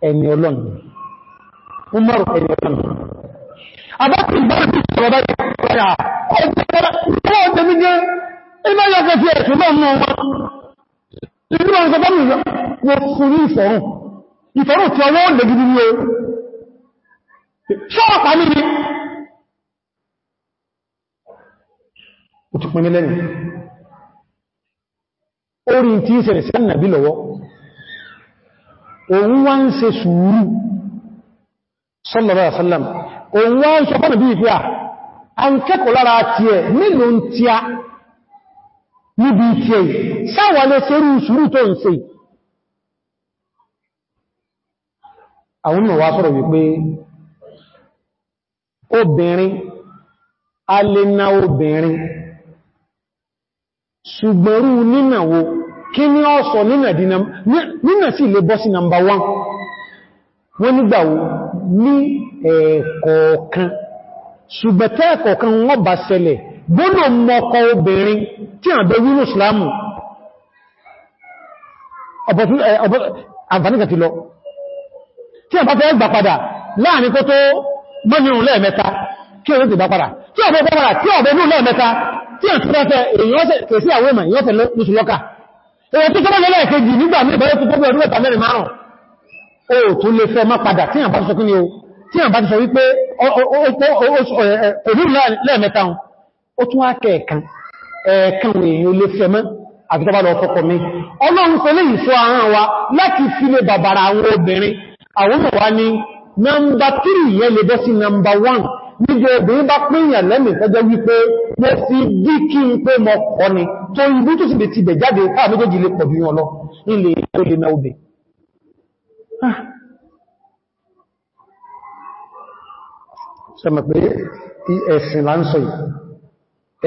ẹni ọlọ́n Umaru ẹni ọlọ́n Abubakar bọ́rọ̀ sí ọ̀rọ̀ báyà ọjọ́ ọjọ́ mi jẹ́ iná yọ kẹfì ẹ̀ṣù náà mú ọmọ inú ọjọ́ bá mi wọ fún ní ìfọ̀rún ìfọ̀rún tí ọwọ́ ọ̀dẹ̀ gidi ní o ṣọ́ọ̀pá mi ni ó ti pín ní lẹ́yìn orí tí ìṣẹ̀lẹ̀ sí ànàbí lọ́wọ́ òun wá ń ṣe sùúrù sallallahu alaihi wasallam òun wá ń sọ fọ́nà bí ìfẹ́ à ń kẹ́kọ̀ọ́ lára ti ẹ̀ mélòó ń tí a níbi ti ẹ̀ sáwà lè sùúrù tó ń ṣe àwọn náà wá sọ̀rọ̀ wípé obìnrin alẹ́na obìnrin ṣùgbọ́rú nínàwó kí ní ọ̀sọ̀ nínà sí ilé bọ́sí nàmbà wọ́n wọ́n nígbàwó ní ẹ̀ẹ̀kọ̀ọ̀kan ṣùgbẹ̀tẹ́ ẹ̀kọ̀ọ̀kan wọ́n bá ṣẹlẹ̀ gbọ́nà mọ́kọ obìnrin tí a bẹ wínú kí ọ̀rẹ́ ti bá padà tí ọ̀bẹ̀ bá padà tí ọ̀bẹ̀ bú náà mẹ́ta tí ọ̀n tó fẹ́ èyàn ṣe kèsí àwọn èèmọ̀ èyàn fẹ́ lóṣù lọ́kà èyàn tó sọ́bọ̀ lọ́lẹ̀ kejì nígbà mí ìbẹ̀rẹ̀ tó tóbi ọdún ẹ̀ta mẹ́rin márùn ó tó lè fẹ́ má padà tí àbá sọ kíni o tí àbá sọ wípé òhun lẹ́ẹ̀mẹ́ta ó tún ákẹ́ ẹ̀kan ẹ̀ẹ̀kan èèyàn ó lè fẹ́ mọ́ àti tọ́bá lọ fọ́kọ̀ mi ọlọ́run sọ lè ìfọ́ àwọn wa láti fi lè bàbàrà àwọn obìnrin àwọn wà ní nọmbà 3 yẹn lè bọ́ sí nọmbà 1 níbi obìnrin bá pínyàn lẹ́mì tẹ́jẹ́ wípé mo fi bí kí n pé mọ ọni tó ibú tó sì lè ti bẹ̀ jáde káà méjèèjì lè pọ̀ bí wọn lọ ilé tó lè mẹ́ obè sẹ́mọ̀ pé ẹ̀sìn là ń sọ yìí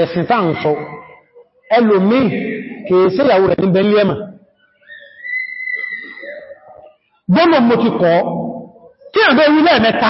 ẹ̀sìn tá ń sọ ẹlòmí kèèsé ìyàwó rẹ̀ ní bẹ́lí ẹ̀mà gbọ́nà mo ti kọ́ kí àbẹ́ orílẹ̀ mẹ́ta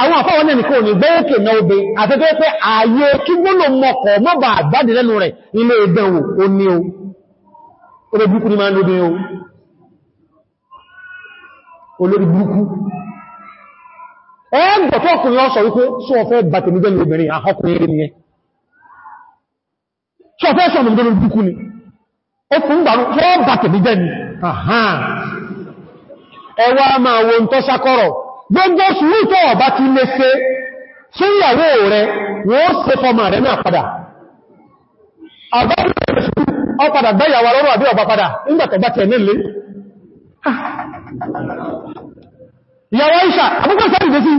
àwọn àfáwọn ẹni kò ní gbẹ́ẹ̀kẹ̀ náà obe àtẹ́tẹ́ pé ààyè kí gbónà mọ́kọ̀ mọ́bà àgbàdì lẹ́nu rẹ̀ ilé ìdẹ̀wò ó ní o olórí burúkú ní máa ń lóbi o olórí burúkú ẹgbẹ̀tọ́ ọkùnrin ọ́sọ̀ wípé sọ́ọ̀fẹ́ bàtẹ̀míjẹ́ ní obìnrin àhọkùnrin ni ni okùn gbàrún fẹ́ bàtẹ̀míjẹ́ ni ẹwà máa wo ń tọ́ sákọ́rọ̀ gbogbo sùúrù tó ọ̀bá ti lè ṣe fún ìyàwó rẹ wọ́n ṣe fọmọ rẹ̀ náà padà ọ̀padà gbẹ́yàwó ọlọ́rọ̀ àbí ọba padà nígbàtọ̀gbà tẹ̀ nílé ìyàwó Aisha àbúkọ̀ sẹ́rì dé sí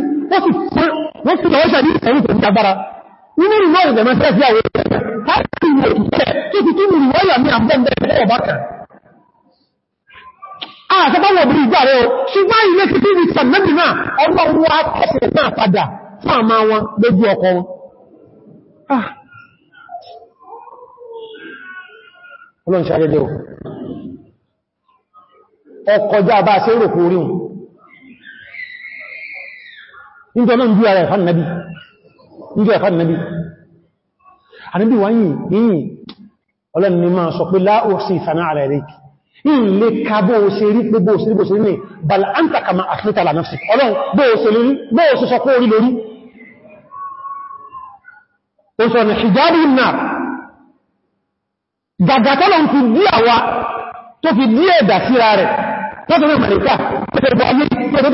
wọ́n sì tọ̀wọ́ sẹ́rì ẹ̀rù tó ní agbára nínú ìlú ọ̀rẹ̀ mẹ́sẹ̀ sí àwọn ẹ̀rẹ̀ àṣẹ́báwọ̀ ah, obìnrin ìgbà rẹ̀ o ṣùgbọ́n ilé ti bí ìrìsà mẹ́bì náà ọlọ́run wá kẹsẹ̀ náà padà fún àmà wọn lójú ọkọ wọn ah. ọlọ́run ṣàrẹ́dẹ̀ o ọkọjá bá ṣe rò kó wọn ilé ka bó o ṣe rí pé bó o ṣe rí bó o ṣe rí ní bal'anta kama afirita la nafsi ọlọ́run bó o ṣe lórí bó o ṣe sọ kó orí lórí o sọ ní hijabi náà gàgàtọ́lọ̀ ń fi dí àwa tó fi dí ẹ̀dà síra rẹ̀ tọ́tọ̀rọ̀ mẹ́ríkà tẹ́tẹ̀rẹ̀ bọ́ ayé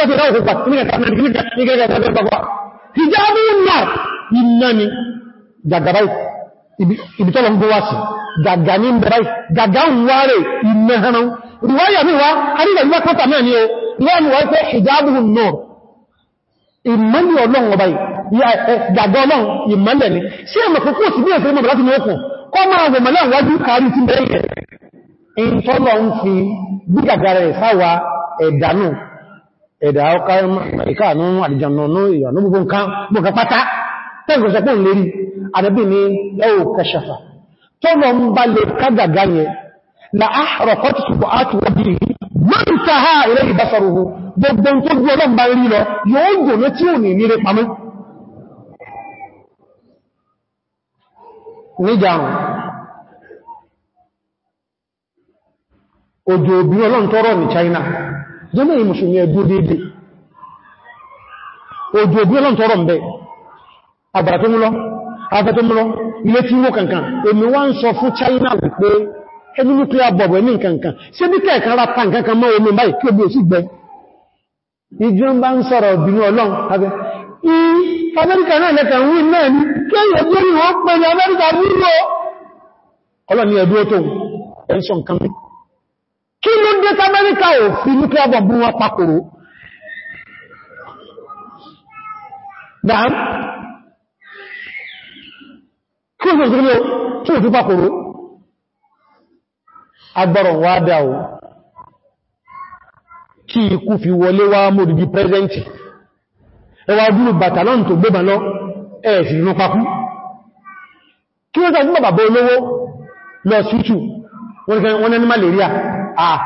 tẹ́tẹ̀rẹ̀ bọ́ gàgà ní bẹ̀rẹ̀ gàgà ń wá rẹ̀ ìmẹ́hanan ríwáyà míwá arígbà ìwá pátà náà ni ó wọ́n ni wọ́n pẹ́ hijabuhun nur ìmọ́lẹ̀ ọlọ́run ọba gàgà ọlọ́run ìmọ́lẹ̀ ni sí ẹmọ̀ kókó sí bí ẹ̀fẹ́ mọ̀ láti ní okùn kọ́ máa wọ̀ mọ́lẹ̀ wájú kárí tí bẹ́ẹ̀ ìtọ́lọ ń fi bí gàgà rẹ̀ sáwà ẹ̀dánù ẹ̀dà ọkà ìkáànú àdìjànà ìyànú gbogbo nǹkan pátá tẹ́gbẹ̀ẹ́sẹ̀pọ̀ lérí àdẹ́bì tọ́nà ń bá lè na áhàrọ̀kọ́ ti ṣùgbọ́ átùwọ́dì yìí ha ilẹ̀ ìbásọ̀rọ̀hù gbogbo tó gbọ́ ọlọ́m bá rí lọ yóò gbòmí tí ò ní nílé pamọ́ níjàrùn òjò òbí ọlọ́n tọ́rọ afẹ́tọ́mọ́lọ́ ilé tí wó kankan èmi wá ń sọ fún China wípé ẹni nuclear bomb ẹni kankan ṣe bí kẹ́ẹ̀kan ra pa nkankan mọ́ omi báyìí kí obi ò sí gbẹ ìjọ bá ń sọ̀rọ̀ ìbínú ọlọ́run abẹ́ i Amẹ́ríkà náà lẹ́kà ń wí náà ní kéèyàn bí orí wọn pẹ̀lú Amẹ́ríkà nílò ọlọ́ni ẹ̀dú ó tó ẹ̀ṣọ́ nǹkan mi kí ló dé tí Amẹ́ríkà ò fi nuclear bomb wọn pakòrò dáa kí o sì rí o tí o fi pàkòrò agbọ́rọ̀ wá dá o kí ikú fi wọlé wá mọ́dí bí pẹ́sẹ̀ntì ẹwà dúró bàtà lọ́n tó gbébà lọ ẹ̀ẹ̀sì rínú pakú kí o sàgbé bàbá olówó lọ sútù wọ́n ní malaria ah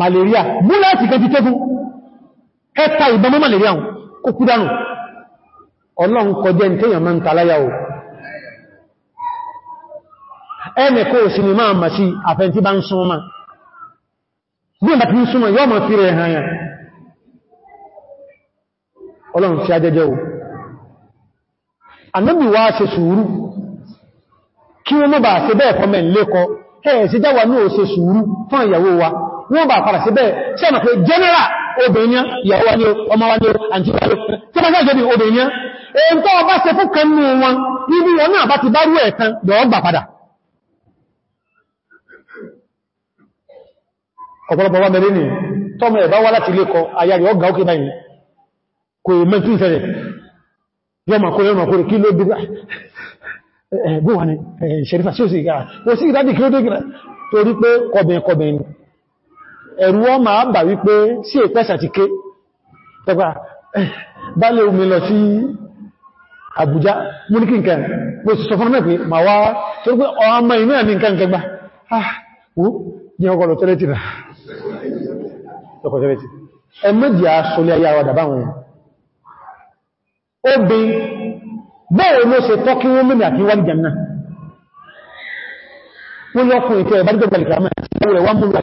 malaria mú láti kẹ́ ti tẹ́kù ẹta malaria kó kúdánù ọlọ́run kọjẹ́ ní tẹ́yàn mọ́ ẹnì kó sì ni máa mà sí àfẹ́ntí bá ń súnmọ́ máa bí ìbá ti ń súnmọ́ yọ́ mọ̀ fíre ẹ̀hànyà ọlọ́run fi ajẹ́jẹ́ o Ànábì wá ṣe sùúrù kí wọ́n mọ́ bá ṣe bẹ́ẹ̀ kọmẹ̀ lẹ́kọ ẹ̀ẹ̀ sí jáwà náà ṣe sùúrù fún ìyàwó wa wọ́n bá padà sí tó ọba ṣe fún kan nínú wọn ibi wọn náà ti bá rú ẹ̀kan lọ́gbà padà ọ̀pọ̀lọpọ̀ wá mẹ́rin ni tọ́mọ ẹ̀bá wá láti lékọ ayari ọgá òkè báyìí kò yí mẹ́tí ìṣẹ̀lẹ̀ yọmọ kó yọmọ kó rí kí ló bí gbówà ní ṣẹ̀rífà sí òsì ìgára ah, ó sì ìdádì kí ló dé gìnà torí pé kọbìn kọbìn ni ẹ̀rù wọ́n máa bà wípé sí ìpẹ́sà ti ké tẹgbà bálẹ̀ omi lọ sí nǹkan mo sì sọ fún mẹ́ ma wá torí pé ọmọ inú ẹ̀mí nǹkan kẹgbà ah wú ní ọgọ́lọ̀ tẹ́lẹ̀ tìrà ọkọ̀ṣẹ́bẹ̀tì ẹmẹ́jì aṣọlẹ̀ ayá wà dàbá wọn obin bẹ́ẹ̀ ló ṣe tọ́kí wọ́n mẹ́rin àti wọ́n jẹ́mìnà wọ́n lọ́kùn ìtẹ́ ẹ̀bá dídọ̀ gbẹ̀lẹ̀kàmẹ́ wọ́n lọ́kùn ìtẹ́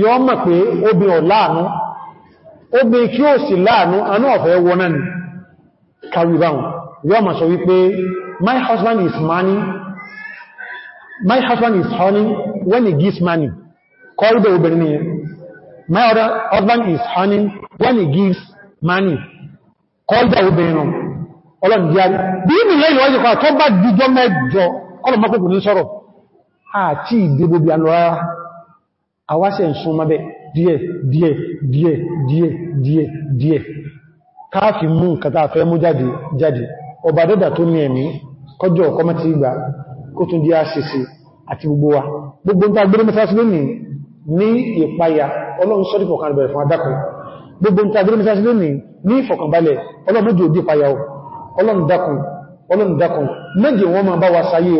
yọ mọ̀ pé obin ọ̀ láàánú kí ó sì láàánú anú ọ̀fẹ́ wọnà ní kàríbáhùn yọ mọ̀ sọ wípé my husband is money my husband is honey when he gives money kọ́rídọ̀ obìnrin ni my husband is honey when he gives money kọ́rídọ̀ obìnrin nù ọlọ́dún díárí bí i nìyẹn ìwọ́n ìjọba tó bá dijọ́ mẹ́jọ kọ́lọ̀mọ́kùnkùn ní sọ̀rọ̀ àti ìdébòbí alọ́rárá àwáṣẹ̀ ń sún mọ́bẹ̀ díẹ̀ díẹ̀ díẹ̀ díẹ̀ díẹ̀ díẹ̀ káàfì mú nǹkan tàà mú jáde jáde ọba dẹ́dà tó ní ẹ̀mí kọjọ kọmọ́tí ìgbà kó tún di àṣìṣì àti gbogbo wa gbogbo ń ta gbé mẹ́sàásí lónìí ní ìpayà ọlọ́run sọ́dí fọ̀kàn bẹ̀rẹ̀ fún adákùn gbogbo ń ta gbé mẹ́sàásí lónìí ní ìfọ̀kànbalẹ̀ ọlọ́run jò dí ìpayà ọlọ́run dákùn ọlọ́run dákùn méje wọn máa bá wa sáyé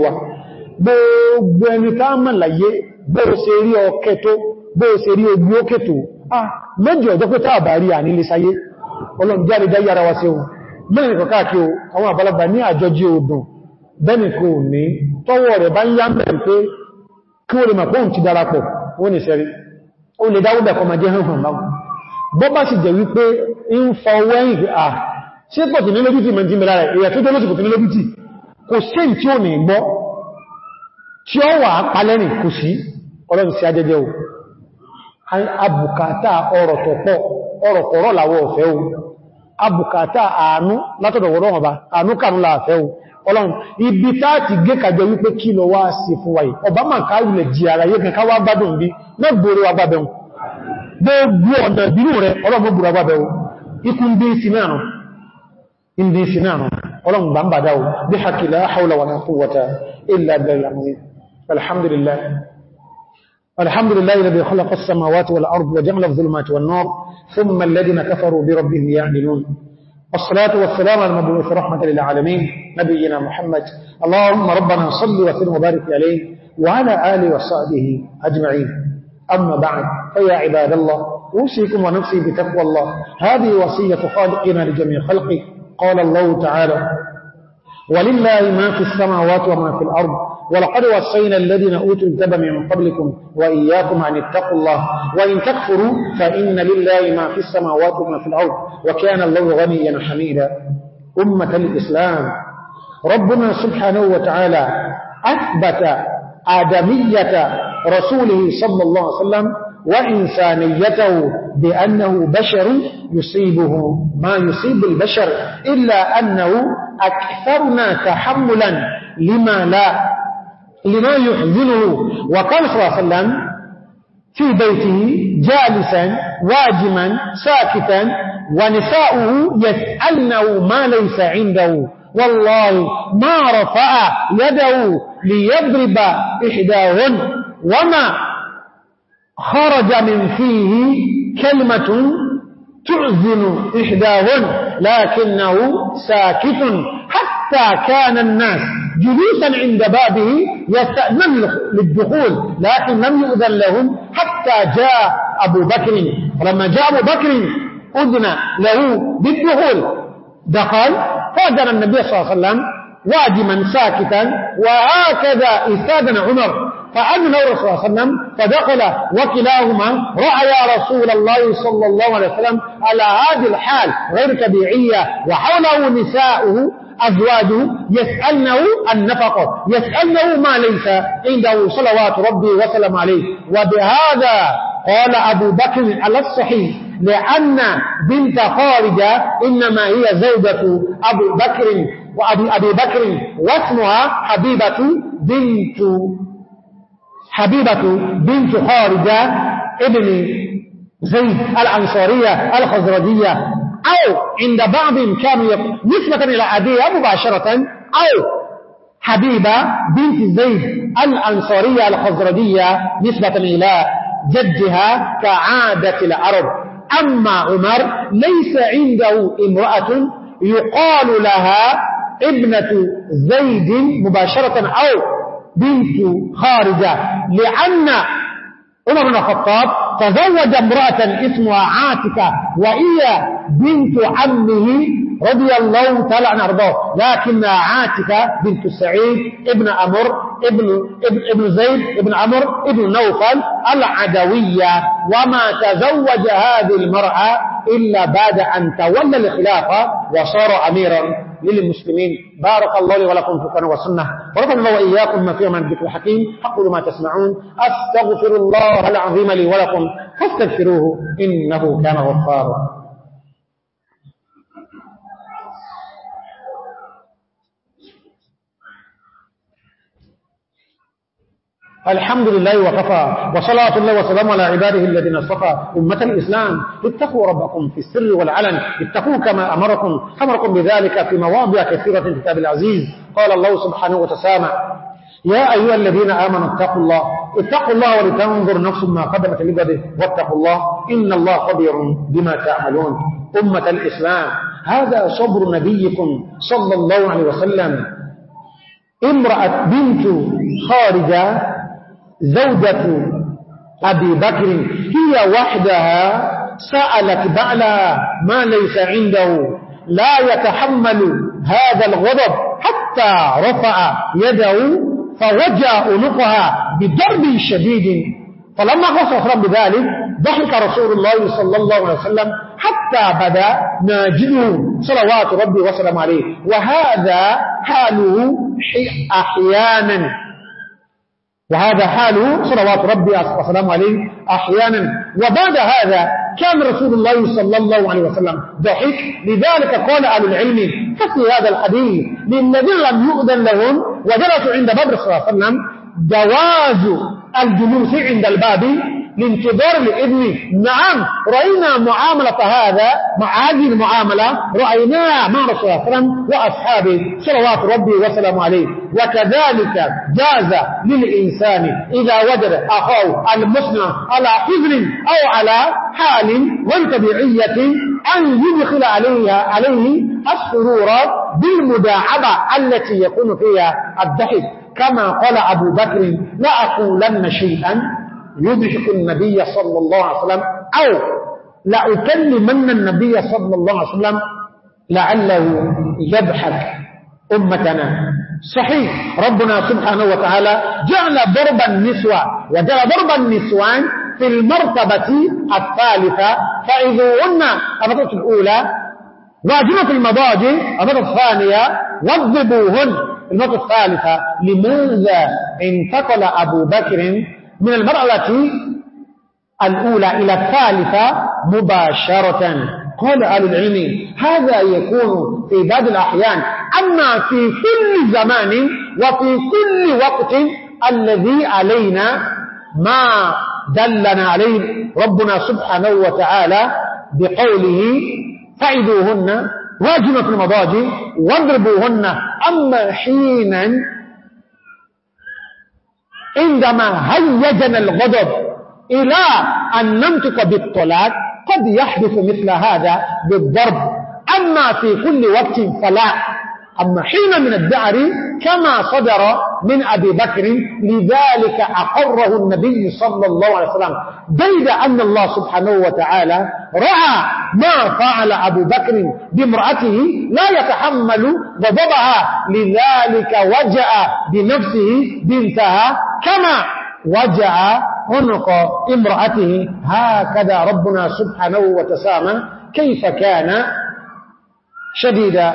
bóò ṣe rí ọkẹ tó bóò ṣe rí ogun ókè tó ah méjì ọjọ́ pé táà bá rí à nílé sayé ọlọ́run jáde dáyé ara wa sí o mẹ́rin kọ̀káàkì o ni ṣẹ́rí ó lè dáwọ́bẹ̀ kọmọ jẹ́ hàn hàn láwọn bọ́ bá sì jẹ́ wípé ń fa owó ẹ̀yìn pé à ṣe pọ̀ tìnílójútì mẹ́ntí mẹ́lá rẹ̀ èyà tó jẹ́ lóṣù kò tìnílójútì kò sí tí ò ní gbọ́ tí ó wà pálẹ́rìn kò sí ọlọ́run sí ajẹ́jẹ́ o abùkátà ọ̀rọ̀ tọ̀pọ̀ ọ̀rọ̀ kọ̀rọ̀ làwọ̀ ọ̀fẹ́ o abùkátà àánú látọ̀dọ̀ ọlọ́run ọba àánú kàánú láàfẹ́ o ọlọ́run ibi táàtì gé kàjọ wípé kí lọ wá sí fún wáyé ọba máa káàrùlẹ̀ jí ara yé kan káwà gbádùn bí mẹ́gbòrò agbábẹ̀un gbogbo alhamdulillah الحمد لله الذي خلق السماوات والأرض وجعل الظلمات والنور ثم الذين كفروا بربهم يعدلون الصلاة والسلام على المبعوث رحمة للعالمين نبينا محمد اللهم ربنا صل وسلم وبارك عليه وعلى آله وصحبه أجمعين أما بعد فيا عباد الله أوصيكم ونفسي بتقوى الله هذه وصية خالقنا لجميع خلقه قال الله تعالى ولله ما في السماوات وما في الأرض ولقد وصينا الذين أوتوا الكتاب من قبلكم وإياكم أن اتقوا الله وإن تكفروا فإن لله ما في السماوات وما في الأرض وكان الله غنيا حميدا أمة الإسلام ربنا سبحانه وتعالى أثبت آدمية رسوله صلى الله عليه وسلم وإنسانيته بأنه بشر يصيبه ما يصيب البشر إلا أنه أكثرنا تحملا لما لا لما يحزنه وكان صلى الله عليه وسلم في بيته جالسا واجما ساكتا ونساؤه يسألنه ما ليس عنده والله ما رفع يده ليضرب إحداهن وما خرج من فيه كلمة تعزن إحداهن لكنه ساكت حتى كان الناس جلوسا عند بابه يستأذن للدخول لكن لم يؤذن لهم حتى جاء أبو بكر فلما جاء أبو بكر أذن له بالدخول دخل فأذن النبي صلى الله عليه وسلم واجما ساكتا وهكذا استاذن عمر فأذن رسول الله صلى الله عليه وسلم فدخل وكلاهما رأيا رسول الله صلى الله عليه وسلم على هذه الحال غير طبيعية وحوله نساؤه أزواجه يسألنه النفقة يسألنه ما ليس عنده صلوات ربي وسلم عليه وبهذا قال أبو بكر على الصحيح لأن بنت خارجة إنما هي زوجة أبو بكر وأبي أبي بكر واسمها حبيبة بنت حبيبة بنت خارجة ابن زيد الأنصارية الخزرجية أو عند بعض كانوا نسبة إلى أبيها مباشرة أو حبيبة بنت زيد الأنصارية الخزرجية نسبة إلى جدها كعادة العرب أما عمر ليس عنده امرأة يقال لها ابنة زيد مباشرة أو بنت خارجة لأن عمر بن الخطاب تزوج امرأة اسمها عاتكة وهي بنت عمه رضي الله تعالى عنه أرضاه لكنها عاتكة بنت سعيد ابن أمر ابن, ابن, ابن زيد ابن عمر ابن نوفل العدوية وما تزوج هذه المرأة إلا بعد أن تولى الخلافة وصار أميرا للمسلمين بارك الله لي ولكم في القرآن والسنة ورضى الله وإياكم ما فيه من ذكر الحكيم أقول ما تسمعون أستغفر الله العظيم لي ولكم فاستغفروه إنه كان غفارا الحمد لله وكفى وصلاة الله وسلام على عباده الذين اصطفى أمة الإسلام اتقوا ربكم في السر والعلن اتقوا كما أمركم أمركم بذلك في مواضع كثيرة في الكتاب العزيز قال الله سبحانه وتسامى يا أيها الذين آمنوا اتقوا الله اتقوا الله ولتنظر نفس ما قدمت لبده واتقوا الله إن الله خبير بما تعملون أمة الإسلام هذا صبر نبيكم صلى الله عليه وسلم امرأة بنت خارجة زوجة أبي بكر هي وحدها سألت بعلها ما ليس عنده لا يتحمل هذا الغضب حتى رفع يده فوجع أنقها بضرب شديد فلما خصف رب ذلك ضحك رسول الله صلى الله عليه وسلم حتى بدا ناجده صلوات ربي وسلم عليه وهذا حاله أحيانا وهذا حاله صلوات ربي وسلامه عليه أحيانا وبعد هذا كان رسول الله صلى الله عليه وسلم ضحك لذلك قال أهل العلم ففي هذا الحديث للذين لم يؤذن لهم وجلسوا عند بدر صلى الله عليه وسلم جواز الجلوس عند الباب لانتظار الابن نعم رأينا معاملة هذا مع هذه المعاملة رأيناها مع رسول الله صلى الله عليه وسلم وأصحابه صلوات ربي وسلم عليه وكذلك جاز للإنسان إذا وجد أخاه المصنع على حزن أو على حال طبيعيه أن يدخل عليها عليه السرور بالمداعبة التي يكون فيها الضحك كما قال أبو بكر لا أقولن شيئا يدرك النبي صلى الله عليه وسلم أو لأكلمن النبي صلى الله عليه وسلم لعله يبحث أمتنا صحيح ربنا سبحانه وتعالى جعل ضرب النسوة وجعل ضرب النسوان في المرتبة الثالثة فإذوهن المرتبة الأولى واجبة المضاجع المرتبة الثانية وضبوهن المرتبة الثالثة لماذا انتقل أبو بكر من المرأة الأولى إلى الثالثة مباشرة قال أهل العلم هذا يكون في بعض الأحيان أما في كل زمان وفي كل وقت الذي علينا ما دلنا عليه ربنا سبحانه وتعالى بقوله فعدوهن واجمة المضاجم واضربوهن أما حينا عندما هيجنا الغضب إلى أن نمتك بالطلاق قد يحدث مثل هذا بالضرب أما في كل وقت فلا أما حين من الدعر كما صدر من أبي بكر لذلك أقره النبي صلى الله عليه وسلم بيد أن الله سبحانه وتعالى رأى ما فعل أبو بكر بامرأته لا يتحمل غضبها لذلك وجأ بنفسه بنتها كما وجأ عنق امرأته هكذا ربنا سبحانه وتسامى كيف كان شديدا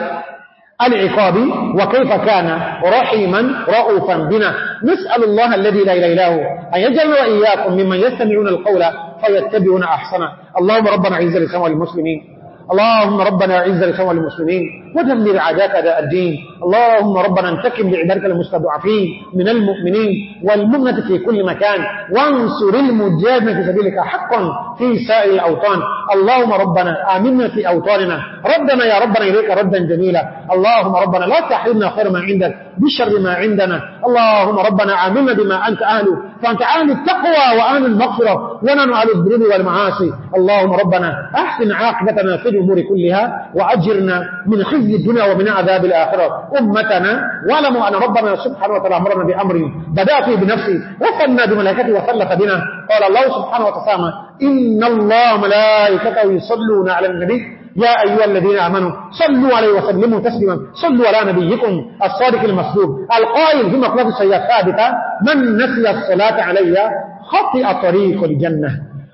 العقاب وكيف كان رحيما رؤوفا بنا نسأل الله الذي لا إله إلا هو أن يجعلنا وإياكم ممن يستمعون القول فيتبعون أحسنه اللهم ربنا عز الإسلام والمسلمين اللهم ربنا اعز الإسلام والمسلمين ودمر عداك أداء الدين اللهم ربنا انتكم لعبادك المستضعفين من المؤمنين والمؤمنة في كل مكان وانصر المجاهدين في سبيلك حقا في سائر الأوطان اللهم ربنا آمنا في أوطاننا ربنا يا ربنا إليك ردا جميلا اللهم ربنا لا تحرمنا خير ما عندك بشر ما عندنا اللهم ربنا آمنا بما أنت أهله فأنت أهل التقوى وأهل المغفرة ونحن أهل الذنوب والمعاصي اللهم ربنا أحسن عاقبتنا في الأمور كلها وأجرنا من خزي الدنيا ومن عذاب الآخرة أمتنا واعلموا أن ربنا سبحانه وتعالى أمرنا بأمر بدأ فيه بنفسه وصلنا بملائكته وسلف بنا قال الله سبحانه وتعالى إن الله ملائكته يصلون على النبي يا أيها الذين آمنوا صلوا عليه وسلموا تسليما صلوا على نبيكم الصادق المسلوب القائل في مقلب السيئة ثابتة من نسي الصلاة علي خطئ طريق الجنة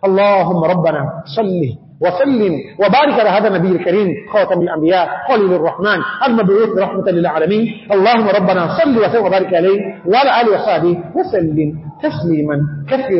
اللهم ربنا صله وسلم وبارك على هذا النبي الكريم خاتم الأنبياء خليل الرحمن المبعوث رحمة للعالمين اللهم ربنا صل وسلم وبارك عليه وعلى آله وصحبه وسلم تسليما كثيرا